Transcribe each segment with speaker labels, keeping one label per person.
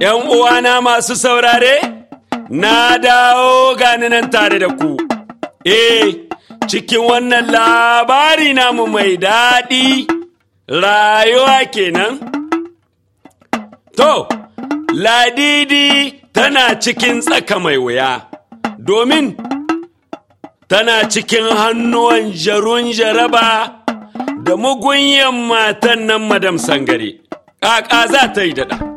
Speaker 1: ‘yan uwana masu saurare, na dawo gani nan tare da ku, eh cikin wannan labari namu mai daɗi rayuwa kenan. To, ladidi tana cikin tsaka mai wuya, domin tana cikin hannuwan jarun jaraba da mugunyan matan nan madam sangare, ƙaƙa za ta yi daɗa.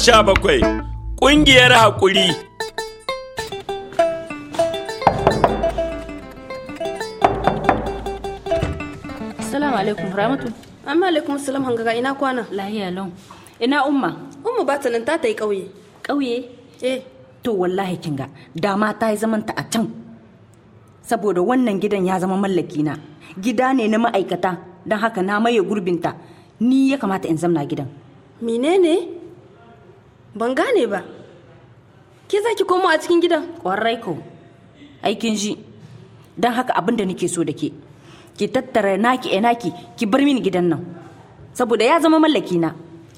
Speaker 1: sha bakwai ƙungiyar haƙuri
Speaker 2: salamu alaikum ramatu amma alaikum salam hangaga ina kwana lahiya lau ina umma umma ba ta nan ta yi ƙauye ƙauye eh to wallahi kinga dama ta yi zamanta a can saboda wannan gidan ya zama mallaki na gida ne na ma'aikata don haka na maye gurbinta ni ya kamata in zamna gidan menene ban gane ba ke za ki komo a cikin gidan kwarai ko aikin ji don haka abin da nake so da ke ki tattara naki e naki ki bar mini gidan nan saboda ya zama mallaki na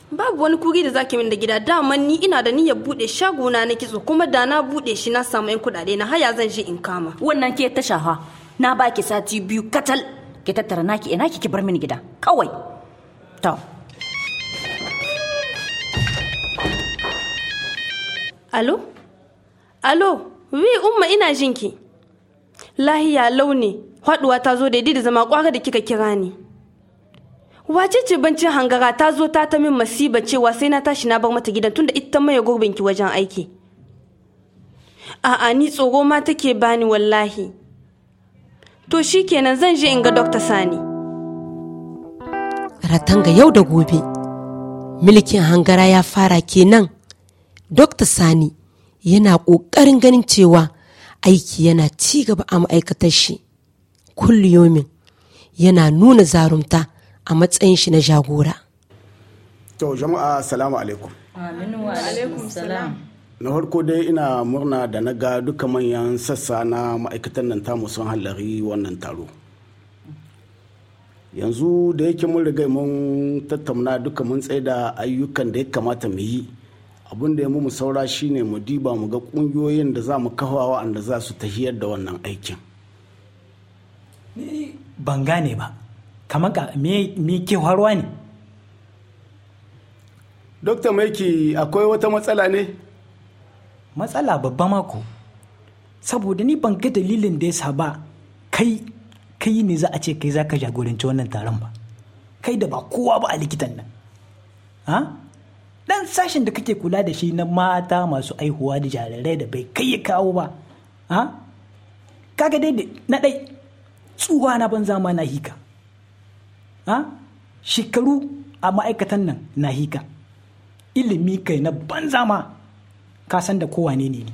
Speaker 2: babu wani kugi da zaki min da gida dama ni ina da niyyar bude shaguna na kitso kuma da na bude shi na samu yan kudade na haya zan je in kama wannan ke ta shafa na baki sati biyu katal ki tattara naki e naki ki bar mini gida kawai to Alo? Alo, wi umma ina jinki. Lahiya launi, haɗuwa ta zo daidai da zama ƙwara da kika kira ni. Wace ce bancin hangara ta zo ta ta min masiba cewa sai na tashi na bar mata gidan tunda ita maye gurbin ki wajen aiki. A'a ni tsoro ma take bani wallahi. To shi kenan zan je in ga Dr. Sani. Ratanga yau da gobe. Milikin hangara ya fara kenan Dr. Sani yana ƙoƙarin ganin cewa aiki yana ci gaba a ma'aikatar shi. Kulliyomin yana nuna zarumta a matsayin shi na jagora.
Speaker 1: To jama'a salamu alaikum. Aminu wa alaikum salam. Na harko dai ina murna da na ga duka manyan sassa na ma'aikatan nan tamu sun hallari wannan taro. Yanzu da yake mun riga mun tattauna duka mun tsaye da ayyukan da ya kamata mu yi. abin da ya mu saura shine mu diba mu ga kungiyoyin da za mu kafa wa'anda za su tahiyar da wannan aikin
Speaker 3: ni ban gane ba kamar ka me ke harwa ne Dr. maiki akwai wata matsala ne matsala babba mako saboda ni ban ga dalilin da ya ba kai kai ne za a ce kai za ka jagoranci wannan taron ba kai da ba kowa ba a likitan nan ah? Ɗan sashen da kake kula da shi na mata masu aihuwa da jarirai da bai kai ya kawo ba ha kaga dai na dai tsuwa na banza ma na hika ha shekaru a ma'aikatan nan na hika ilimi kai na banza ma ka san da kowane ne ni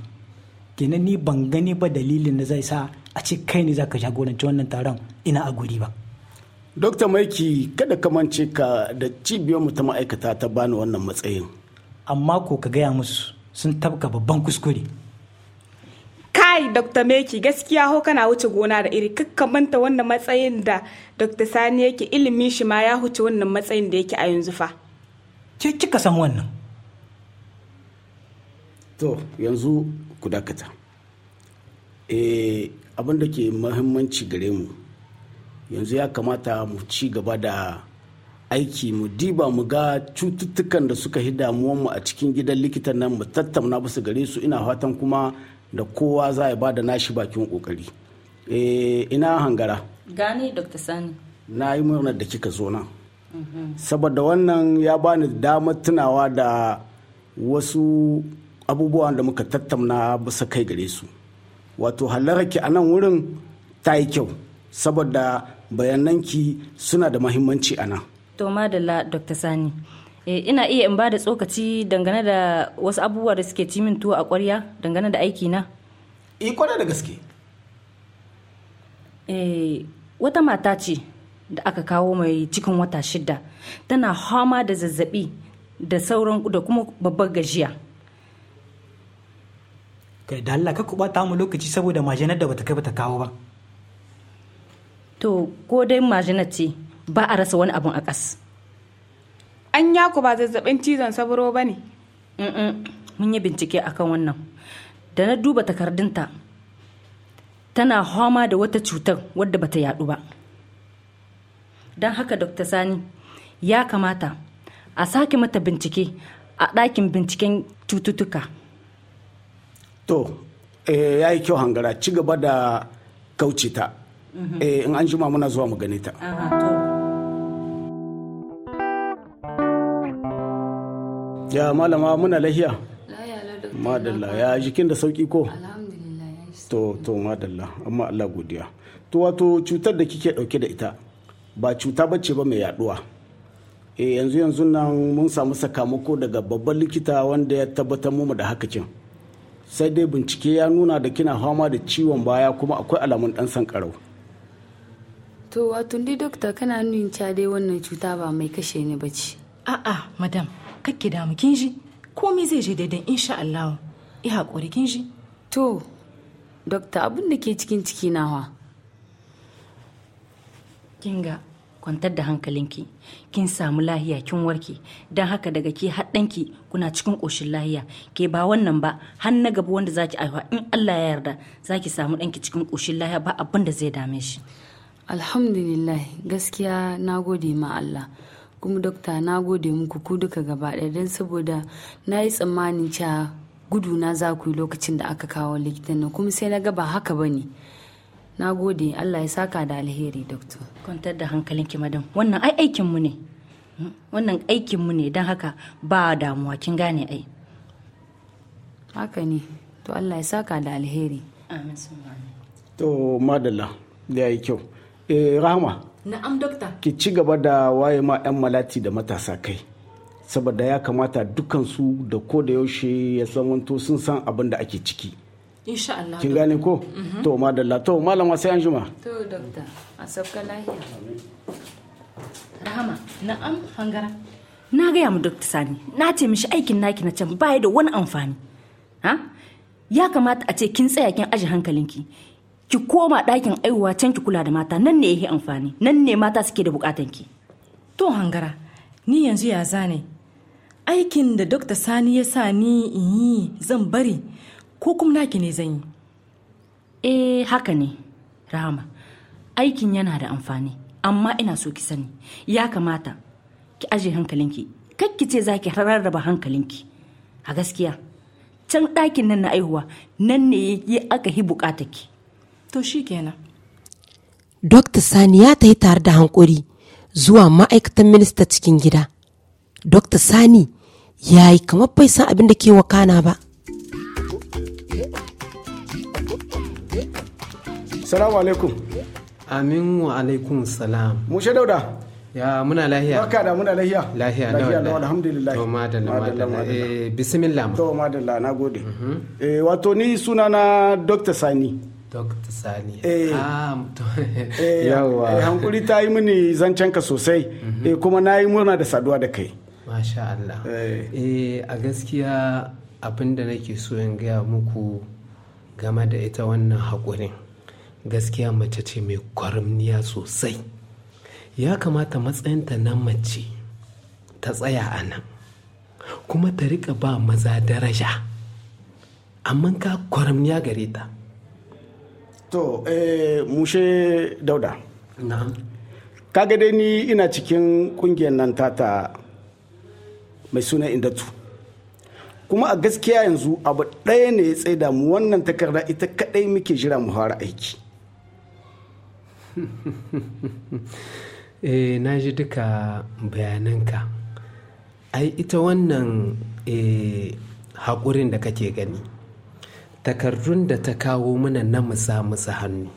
Speaker 3: kenan ni ban gani ba dalilin da zai sa a ce kai ne zaka jagoranci wannan taron ina a guri ba
Speaker 1: Dokta Maiki kada ka mance ka da cibiyar mu ta ma'aikata ta bani wannan matsayin.
Speaker 3: Amma ko ka gaya musu sun tabka babban kuskure.
Speaker 4: Kai Dokta Maiki gaskiya ho kana wuce gona da iri kakka manta wannan matsayin da Dokta Sani yake ilimi shi ma ya huce wannan matsayin da yake a yanzu fa.
Speaker 3: Ke kika san wannan?
Speaker 1: To yanzu ku dakata. Eh abin da ke muhimmanci gare mu yanzu ya kamata mu ci gaba da aiki mu diba mu ga cututtukan da suka hi mu a cikin gidan likitan nan mu tattauna basu gare su ina fatan kuma da kowa za ya ba da nashi bakin kokari e, eh, ina hangara
Speaker 2: gani dr sani
Speaker 1: na yi murnar da kika zo nan saboda wannan ya bani damar tunawa da wasu abubuwan da muka tattauna basu kai gare su wato halarki a nan wurin ta yi kyau saboda bayananki suna da mahimmanci a nan.
Speaker 2: To madalla Dr. Sani, eh, ina iya in ba da tsokaci dangane da wasu abubuwa da suke cimin tuwo a kwarya dangane da aiki na?
Speaker 1: E eh, kwada da gaske.
Speaker 2: Eh, wata mata ce da aka kawo mai cikin wata shida tana hama da
Speaker 3: zazzabi da sauran da kuma babbar gajiya. Kai da Allah ka ta mu lokaci saboda majanar da bata kai ta kawo ba.
Speaker 2: to ko dai majina ce ba a rasa wani abun a ƙas
Speaker 4: an ku ba zazzabin cizon
Speaker 2: saburo ba ne mun yi bincike akan wannan da na duba takardunta tana homa da wata cutar wadda bata yadu ba don haka dr sani ya kamata a sake mata bincike a ɗakin binciken cututtuka
Speaker 1: to eh, ya yi kyau hangara ci gaba da kauce ta
Speaker 5: Mhm. Eh, in
Speaker 1: an jima muna zuwa mu gane ta ya malama muna lahiya madalla ya jikin da sauki ko to to madalla amma Allah godiya to wato cutar da kike dauke da ita ba cuta bace ba mai yaduwa e eh, yanzu yanzu nan mun samu sakamako daga babban likita wanda ya tabbatar mu da haka hakakin sai dai bincike ya nuna da kina fama da ciwon baya kuma akwai alamun dan sankarau
Speaker 2: to wato dai dokta kana nuyin ca dai wannan cuta ba mai kashe ni bace a'a madam ki damu kin ji komai zai je daidai insha Allah i hakuri kin ji to dokta abin da ke cikin ciki na wa. kinga kwantar da hankalinki kin samu lahiya kin warke don haka daga ke haɗanki kuna cikin ƙoshin lahiya ke ba wannan ba har na gaba wanda zaki aiwa in Allah ya yarda zaki samu ɗanki cikin ƙoshin lahiya ba abin da zai dame shi alhamdulillah gaskiya na gode ma Allah kuma dokta na gode muku ku duka gaba ɗaya don saboda na yi tsammanin cewa gudu na za ku yi lokacin da aka kawo likitan nan kuma sai na ga ba haka ba ne na gode Allah ya saka da alheri doktor kwantar da ki madam wannan ai aikinmu ne wannan aikinmu ne don haka ba damuwa kin gane ai haka ne to Allah ya saka da alheri amin
Speaker 1: to madalla da ya yi kyau Eh, rahama
Speaker 4: na'am dokta
Speaker 1: ki ci gaba da waye ma 'yan malati da matasa kai saboda ya kamata dukansu da ko da yaushe ya wanto sun san abin da ake ciki
Speaker 2: insha Allah kin gane
Speaker 1: ko mhm. to madalla to malama sai an juma
Speaker 2: to dokta a sauka lahiya rahama na'am hangara na gaya mu dokta sani na ce mishi aikin naki na can baya da wani amfani ha ya kamata a ce kin tsaya kin aji hankalinki ki koma ɗakin aiwa can ki kula da mata nan ne yake amfani nan ne mata suke da bukatan ki to hangara ni yanzu ya zane aikin da dokta sani ya sa ni in yi zan bari ko kuma naki ne zan yi eh haka ne rahama aikin yana da amfani amma ina so ki sani ya kamata ki aje hankalinki kakki ce za ki rarraba hankalinki a gaskiya can ɗakin nan na aihuwa nan ne aka hi bukatarki to shi kenan Dr. Sani ya yi tare da hankuri zuwa ma'aikatan minista cikin gida. Dr. Sani ya yi kamar bai san abin da ke wakana ba.
Speaker 5: Salamu alaikum. Amin wa alaikum salam. Mushe dauda. Ya muna lahiya. Baka da muna lahiya. Lahiya da wadda. alhamdulillah. To madalla madalla. Eh bismillah. To madalla na gode. Mhm. Eh wato
Speaker 1: ni sunana Dr. Sani.
Speaker 5: Dr. Sani.
Speaker 1: Eh. Ah,
Speaker 5: eh, eh, hankuri
Speaker 1: ta yi mini zancen sosai. Mhm. Eh, kuma na yi murna da saduwa da kai.
Speaker 5: Masha Allah. Eh. eh, a gaskiya abin da nake so in gaya muku game da ita wannan haƙurin. Gaskiya mace ce mai kwarmniya sosai. Ya kamata matsayinta na mace ta tsaya a nan. Kuma ta riƙa ba maza daraja. Amma ka kwaramniya gare ta.
Speaker 1: to eh, mushe dauda kaga dai ni ina cikin kungiyar nan tata mai suna indatu kuma a gaskiya yanzu abu ɗaya ne ya da mu wannan takarda ita kaɗai muke jira mu fara aiki
Speaker 5: eh na ji duka bayananka ai ita wannan eh, haƙurin da kake gani takardun da ta kawo mana na musa-musa hannu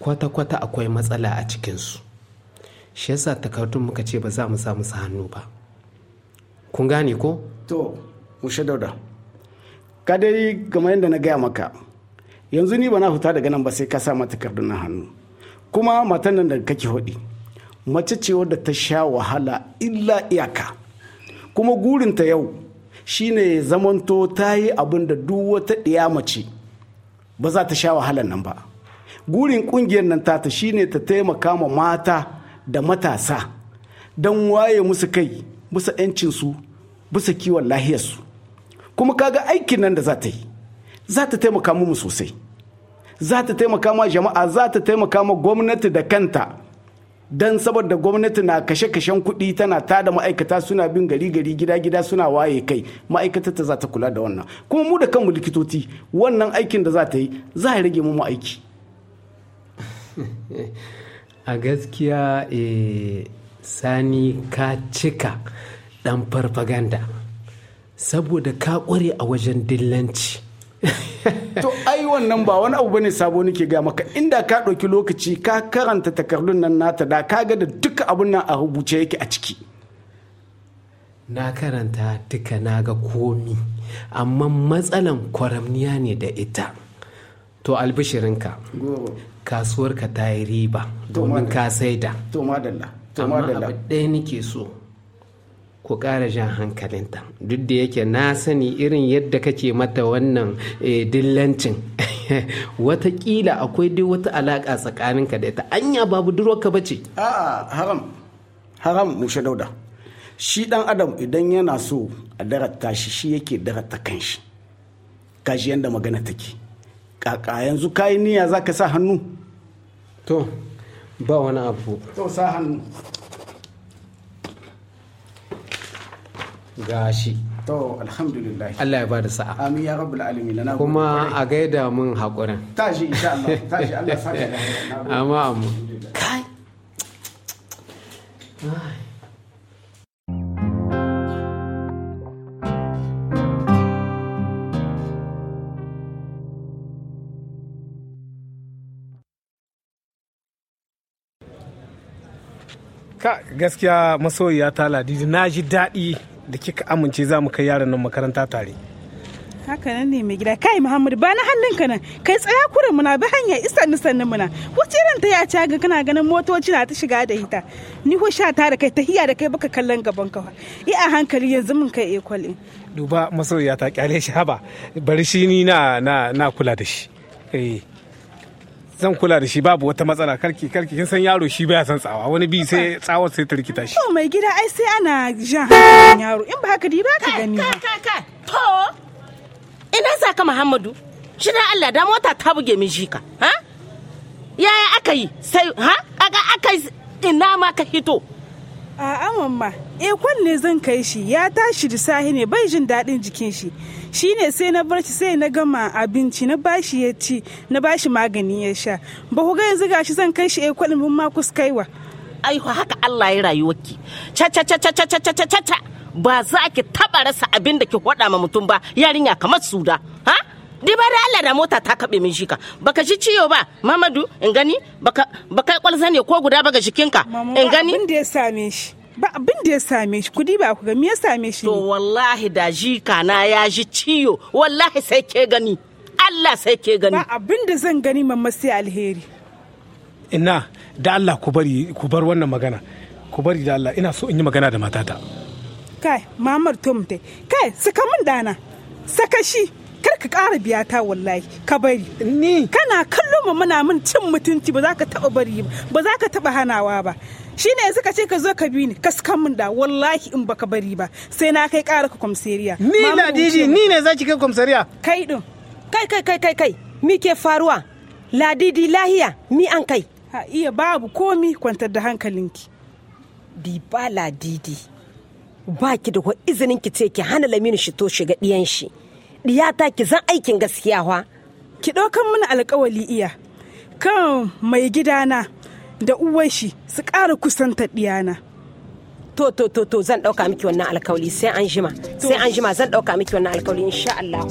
Speaker 5: kwata-kwata akwai matsala a cikinsu shi yasa takardun muka ce ba za mu sa hannu ba kun gane ko to mushe dauda ka dai kamar yadda
Speaker 1: na gaya maka yanzu ni ba na fita daga nan ba sai ka sa ma takardun na hannu kuma matan nan da kake hodi mace ce wadda ta sha wahala illa iyaka kuma gurinta yau shine zamanto ta yi abin da duk wata ɗiya mace ba za ta sha wahalar nan ba gurin ƙungiyar nan tata shine ta taimaka ma mata da matasa don waye musu kai bisa 'yancinsu bisa kiwon lahiyarsu kuma kaga aikin nan da za ta yi za ta taimaka mu sosai za ta taimaka ma jama'a za ta taimaka ma gwamnati da kanta dan saboda gwamnati na kashe-kashen kuɗi tana tada ma'aikata suna bin gari gari gida gida suna waye kai ma'aikatar ta za ta kula da wannan kuma mu da kanmu likitoci wannan aikin da za ta yi za a rage mu aiki
Speaker 5: a gaskiya eh, sani ka cika dan farfaganda saboda ka kware a wajen dillanci
Speaker 1: to ai wannan ba wani abu bane sabo nake ga maka inda ka ɗauki lokaci ka karanta takardun nan nata da ka ga da duka abun nan a rubuce yake a ciki
Speaker 5: na karanta duka na ga komi amma matsalan kwaramniya ne da ita to albishirinka kasuwarka ta yi riba domin ka saida
Speaker 1: to madalla to madalla abu
Speaker 5: ɗaya nake so ku ƙara jan hankalinta duk da yake na sani irin yadda kake mata wannan eh, dillancin watakila akwai duk wata alaƙa tsakaninka da ita anya ba budurwarka ba ce a'a haram haram mushe dauda shi dan adam
Speaker 1: idan yana so a darata shi shi yake darata kanshi kashi yanda magana take kaka yanzu kayi niyya za sa hannu to
Speaker 5: ba wani abu
Speaker 1: to sa hannu ga shi. to alhamdulillah Allah ya
Speaker 5: bada sa'a
Speaker 1: amin ya rabbul alamin na kuma a
Speaker 5: gaida mun hakurin tashi
Speaker 1: insha Allah tashi Allah saka da amma
Speaker 5: amma kai gaskiya masoyiya ta ladidi na ji daɗi da kika amince za mu kai yaran nan makaranta tare
Speaker 4: haka nan ne mai gida kai muhammadu ba na ka nan kai tsaya kurin muna bi hanyar isan sannin muna wace ran ta yace ga kana ganin motoci na ta shiga da hita ni ko sha ta da kai ta hiya da kai baka kallon gaban ka yi a hankali yanzu mun kai ekwal
Speaker 5: duba masoyiya ta kyale shi haba bari shi ni na na kula da shi eh zan kula da shi babu wata matsala karki karki kin san yaro shi baya san tsawa wani bi sai tsawa sai ta rikita shi
Speaker 4: to mai gida ai sai ana jan yaro in ba haka dai ba ka gani ba to ina ka Muhammadu shi na Allah da mota ta buge min jika ha yaya aka yi sai ha aka ina ma ka hito A'a mamma, e ne zan kai shi ya tashi da sahi ne bai jin daɗin jikin shi. Shi ne sai na bar sai na gama abinci na bashi ya ci na bashi magani ya sha. Ba ku ga yanzu shi? zan kai shi eh, kwanne mun ma kuskaiwa. Ai haka Allah ya rayuwarki. Cha cha cha cha cha cha cha cha ba za ki taba rasa abin da ki faɗa ma mutum ba yarinya kamar suda. Ha? di ba da Allah da mota ta kabe min shika baka ji ciyo ba Mamadu in gani baka baka kwalza ne ko guda baga shikinka in gani abin da ya same shi ba abin da ya same shi kudi ba ku ga me ya same shi to wallahi da jika na ya ji ciyo wallahi sai ke gani Allah sai ke gani ba abin da zan gani mamma sai alheri
Speaker 5: ina da Allah ku bari ku bar wannan magana ku bari da Allah ina so in yi magana da matata
Speaker 4: kai mamar tomte kai saka min dana saka shi kar ka ƙara biya ta wallahi ka bari ni kana kallon mu muna min cin mutunci ba za ka taba bari ba ba za ka taba hanawa ba shine yanzu ka ce ka zo ka bi ni ka sukan min da wallahi in baka bari ba sai na kai ƙara ka kwamseriya ni ladidi ni ne za ki kai kwamseriya kai din kai kai kai kai kai mi ke faruwa ladidi lahiya mi an kai ha iya babu komi kwantar da hankalinki diba ladidi ba ki da izinin ki ce ki hana lamini shi to shiga diyan shi diyata ki zan aikin gaskiya wa ki ɗaukan mana alkawali iya kan mai gidana da uwar shi su ƙara kusanta diyana to to to to zan ɗauka miki wannan alkawali sai an jima sai an jima zan ɗauka miki wannan alkawali insha Allah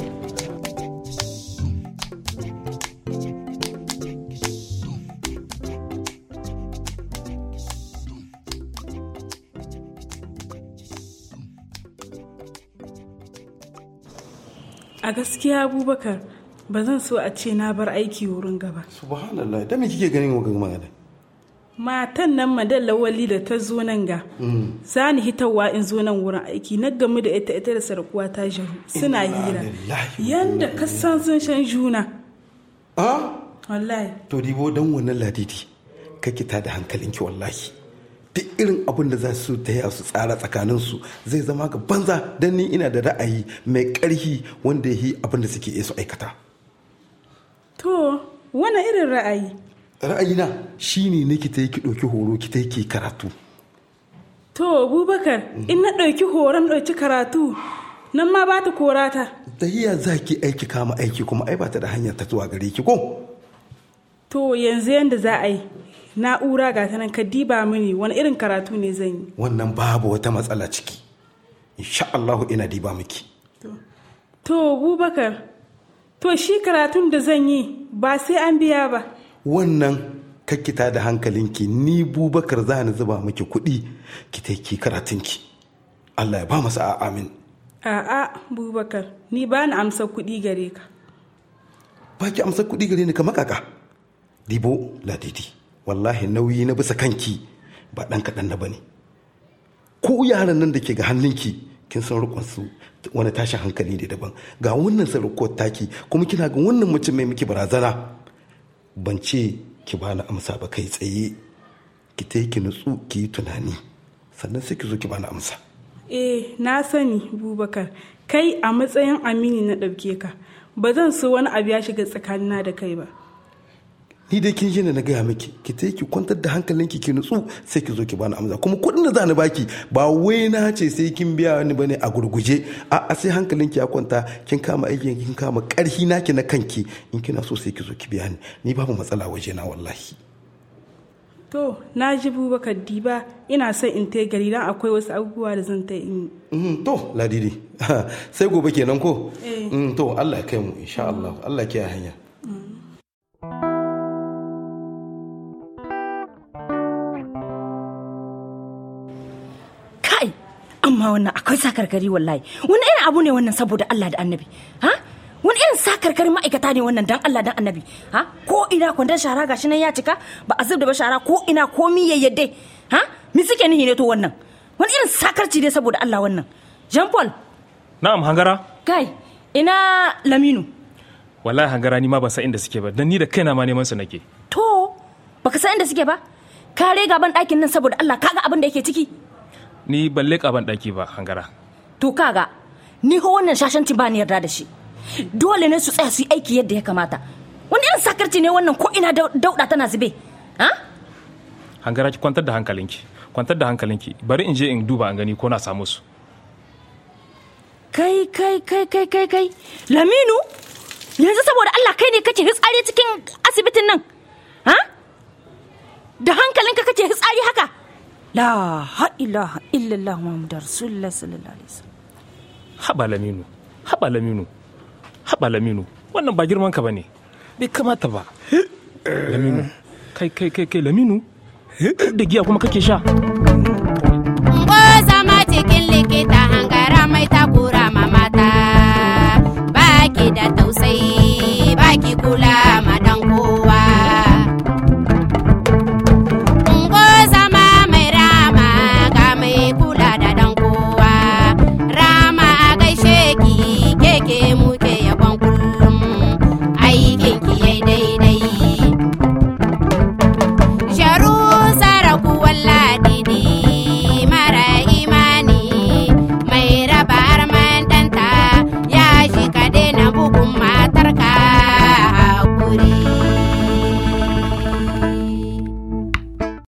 Speaker 4: a gaskiya abubakar ba zan so a ce na bar aiki wurin gaba subhanallah
Speaker 6: da me kike ganin wa magana
Speaker 4: matan nan madalla wali da ta zo nan ga mm. za ni hitarwa in zo nan wurin aiki na gamu da ita ita da sarkuwa ta jaru suna hira yanda kasan sun shan juna ah wallahi
Speaker 6: to dibo dan wannan ladidi kake ta da hankalinki wallahi duk irin abin da za su ta su tsara tsakaninsu zai zama ga banza don ni ina da ra'ayi mai ƙarfi wanda ya yi abin da suke iya su aikata
Speaker 4: to wani irin ra'ayi
Speaker 6: ra'ayina shi ne ki kita yake ɗauki horo kita yake karatu
Speaker 4: to bubakar in na ɗauki horon ɗauki karatu nan ma ba ta korata
Speaker 6: ta za ki aiki kama aiki kuma ai ba ta da hanyar ta zuwa gare ki ko
Speaker 4: to yanzu yanda za a yi na'ura ga ta nan ka diba mini wani irin karatu ne zan yi
Speaker 6: wannan babu wata matsala ciki insha Allahu ina diba miki
Speaker 4: to bubakar to shi karatun da zan yi ba sai an biya ba
Speaker 6: wannan kakkita da hankalinki ni bubakar za ni zuba miki kuɗi ki taiki karatunki Allah ya ba masa amin
Speaker 4: a'a bubakar ni ba ni amsa kuɗi gare ka
Speaker 6: ba ki amsa kuɗi gare ni kamar kaka dibo ladidi wallahi nauyi na bisa kanki ba ɗan kaɗan na bane ko yaran nan da ke ga hannunki kin san rukun wani tashin hankali ne daban ga wannan sarukot taki kuma kina ga wannan mutum mai miki barazana ban ce ki bani amsa ba kai tsaye ki ta ki nutsu ki yi tunani sannan sai ki zo ki bani amsa
Speaker 4: eh na sani bubakar kai a matsayin amini na ɗauke ka ba zan so wani abu ya shiga tsakanina da kai ba
Speaker 6: ni dai kin ji na gaya miki ki ta ki kwantar da hankalinki ki nutsu sai ki zo ki bani amsa kuma kuɗin da za ni baki ba wai na ce sai kin biya ni bane a gurguje a sai hankalinki ya kwanta kin kama aikin kin kama na naki na kanki in kina so sai ki zo ki biya ni ni babu matsala waje na wallahi
Speaker 4: to na ji bubakar diba ina son in tai gari dan akwai wasu abubuwa da zan ta yi
Speaker 6: mm-hmm. to ladidi sai gobe kenan ko eh. mm, to Allah ya kai mu insha Allah Allah ya hanya
Speaker 2: ma wannan akwai sakarkari wallahi wani irin abu ne wannan saboda Allah da annabi ha wani irin sakarkari ma'aikata ne wannan dan Allah dan annabi ha ko ina kwandon shara gashi nan ya cika ba a zubda ba shara ko ina komi ya yadde ha mi suke nihi ne to wannan wani irin sakarci ne saboda Allah wannan Jean Paul na'am hangara kai ina Laminu
Speaker 5: wallahi hangara ni ma ban san inda suke ba dan ni da kaina ma neman su nake
Speaker 2: to baka san inda suke ba ka rega ban ɗakin nan saboda Allah kaga abin da yake ciki
Speaker 5: ni ban leƙa ban ɗaki ba hangara
Speaker 2: to kaga ni ho wannan shashanci ba ni yarda da shi dole ne su tsaya su yi aiki yadda ya kamata wani irin sakarci ne wannan ko ina dauda tana zube ha
Speaker 5: hangara ki kwantar da hankalinki kwantar da hankalinki bari in je in duba an gani ko na samu su
Speaker 2: kai kai kai kai kai kai laminu yanzu saboda Allah kai ne kake hitsari cikin asibitin nan ha da hankalinka kake hitsari haka la ilaha illallah muhammadu rasulullah sallallahu alaihi
Speaker 5: wasallam haba laminu haba laminu haba laminu wannan ba girman ka bane bai kamata ba laminu kai kai kai kai laminu da giya kuma kake sha
Speaker 7: ko zama cikin likita hangara mai takura mamata ki da